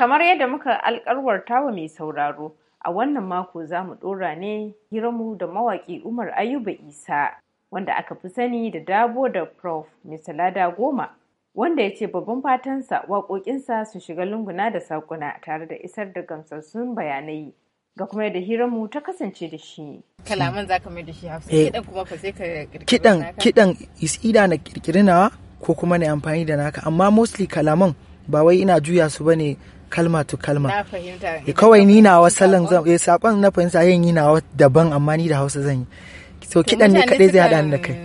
Kamar yadda muka alkarwarta wa mai sauraro, a wannan mako za mu ɗora ne hiramu da mawaƙi Umar Ayuba Isa, wanda aka fi sani da Dabo da Prof. Misalada Goma, wanda ya ce babban fatansa waƙoƙinsa su shiga lunguna da saƙuna tare da isar da gamsassun bayanai ga kuma yadda hiramu ta kasance da shi. Kalaman za ka mai da shi hafsa, eh, kiɗan kuma fa sai ka na ƙirƙiri nawa ko kuma na amfani da naka, amma mostly kalaman ba wai ina juya su bane ne kalma to kalma eh, kawai ni na wasallan zan eh sakon na fahimta yin yi na daban amma ni da Hausa zan yi so kidan ne kadai zai hada ni da kai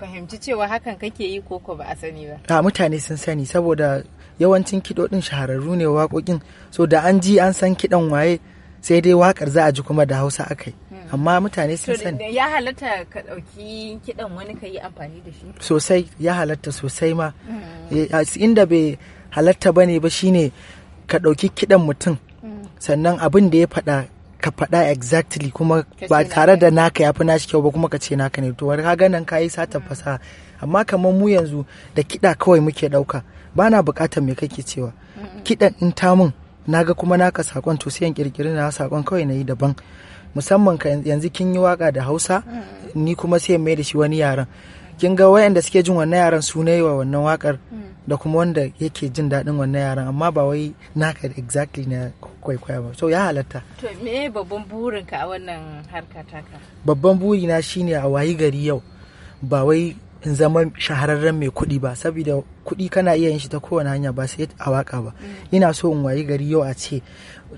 fahimci cewa hakan kake yi ko ba a sani ba a mutane sun sani saboda yawancin kidodin shahararru ne waƙoƙin so da an ji an san kidan waye sai dai wakar za a ji kuma da Hausa akai hmm. amma mutane sun sani ya halatta ka dauki kidan wani ka yi amfani da shi sosai ya halatta sosai ma hmm. eh, inda bai halatta bane ba shine ka ɗauki kiɗan mutum mm. sannan abin da ya faɗa ka faɗa exactly kuma ba tare da naka ya fi nashi kyau ba kuma ka ce naka ne to ka ga nan kayi sata mm. fasaha amma kamar mu yanzu da kiɗa kawai muke ɗauka ba na buƙatar me kake cewa kiɗan in ta Na ga kuma naka sakon to sai kirkiri na sakon kawai na yi daban musamman ka yanzu kin yi waka da hausa ni kuma sai mai da shi wani yaren kin ga wayanda suke jin wannan yaren su yi wa wannan wakar mm. da kuma wanda yake jin daɗin wannan yaran amma ba wai naka exactly na kwaikwaya ba so ya halatta to me babban burin ka a wannan harka taka babban burina shine a wayi gari yau ba wai in zama shahararren mai kuɗi ba saboda kuɗi kana iya yin shi ta kowane hanya ba sai a waka ba mm. ina so in wayi gari yau a ce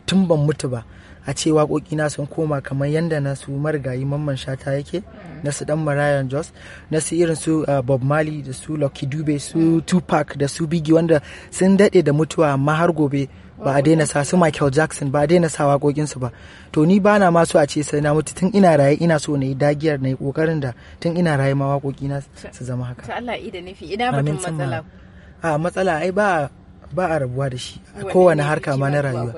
tun ban mutu ba a ce waƙoƙi na sun koma kamar yadda na su marigayi mamman shata yake na su dan marayan jos na su irin su uh, Bob Marley da su Lucky Dube su Tupac da su bigi wanda sun daɗe da mutuwa amma har gobe ba a daina sa su Michael Jackson ba a daina sa waƙoƙinsu ba to ni ba na masu a ce sai na mutu tun ina raye ina so na yi dagiyar na yi ƙoƙarin da tun ina raye ma waƙoƙi na su zama haka. Allah A matsala ai ba ba a rabuwa da shi a kowane harka ma na rayuwa.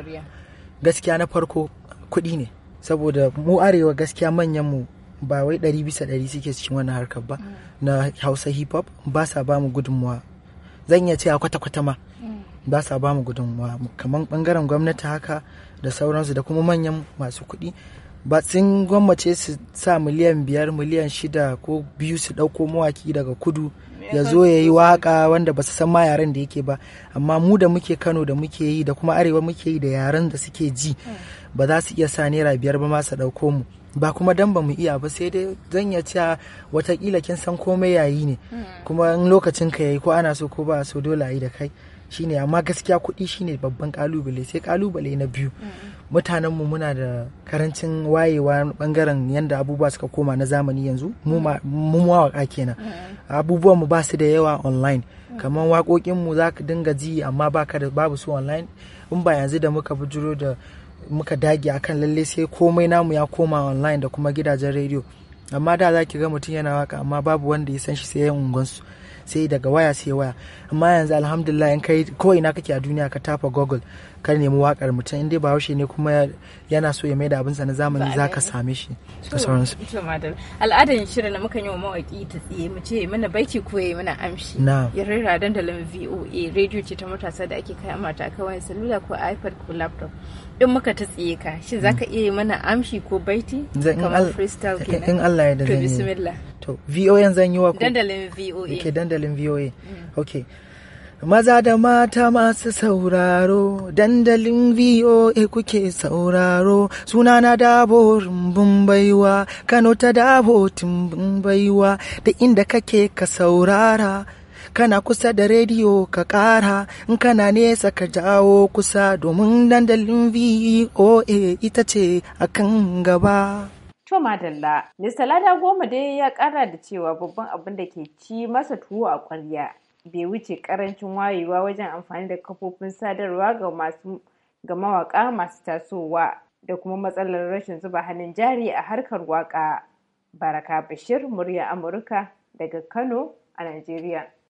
gaskiya na farko kuɗi ne saboda mu arewa gaskiya manyan mu ba wai ɗari bisa ɗari suke cikin wannan harkar ba na hausa hip hop ba sa ba mu gudunmuwa zan iya cewa kwata-kwata ma ba sa ba mu gudunmuwa kamar bangaren gwamnati haka da sauransu da kuma manyan masu kuɗi ba sun gwammace su sa miliyan biyar miliyan shida ko biyu su ɗauko mawaki daga kudu ya zo ya yi waka wanda ba su san ma yaren da yake ba amma mu da muke kano da muke yi da kuma arewa muke yi da yaren da suke ji ba za su iya sa naira biyar ba ma su ɗauko mu ba kuma dan ba mu iya ba sai dai zan ya cewa watakila kin san komai yayi ne hmm. kuma in lokacin ka yayi ko ana so ko ba so dole a yi da kai shine amma gaskiya kuɗi shine babban kalubale sai kalubale na biyu mutanen mu muna da karancin wayewa bangaren yadda abubuwa suka koma na zamani yanzu mu mm. mawaka kenan abubuwan mu ba su da yawa online mm. kamar waƙoƙin mu za ka dinga ji amma baka da babu su online in ba yanzu da muka bujuro da muka dage akan lalle sai komai namu ya koma online da kuma gidajen rediyo amma da za ki ga mutum yana waka amma babu wanda ya san shi sai yan unguwansu sai daga waya sai waya amma yanzu alhamdulillah in kai ko ina kake a duniya ka tafa google kar nemi wakar mutum inda ba haushe ne kuma yana so ya mai da abinsa na zamani za ka same shi da sauransu al'adar shirin da muka yi wa mawaki ta tsiye mu ce mana baiti ko ya yi mana amshi ya rera dandalin VOA radio ce ta matasa da ake kai amata kawai salula ko iPad ko laptop in muka ta tsiye ka shi za ka mm. iya yi mana amshi ko baiti kamar freestyle kenan in Allah ya da zan yi to VOA zan yi wa ku dandalin VOA Ok dandalin VOA mm. Maza da mata masu sauraro, dandalin VOA kuke sauraro, sunana dabo rumbun baiwa, Kano ta dabo tumbun baiwa, da inda kake ka saurara. Kana kusa da rediyo ka ƙara, in kana nesa ka jawo kusa domin dandalin VOA ita ce a kan gaba. To madalla, Mr. Lada Goma dai ya ƙara da cewa babban abin da ke ci masa tuwo a ƙwarya bai wuce karancin wayewa wajen amfani da kafofin sadarwa ga masu mawaka masu tasowa da kuma matsalar rashin zuba hannun jari a harkar waka baraka bashir murya amurka daga kano a nigeria.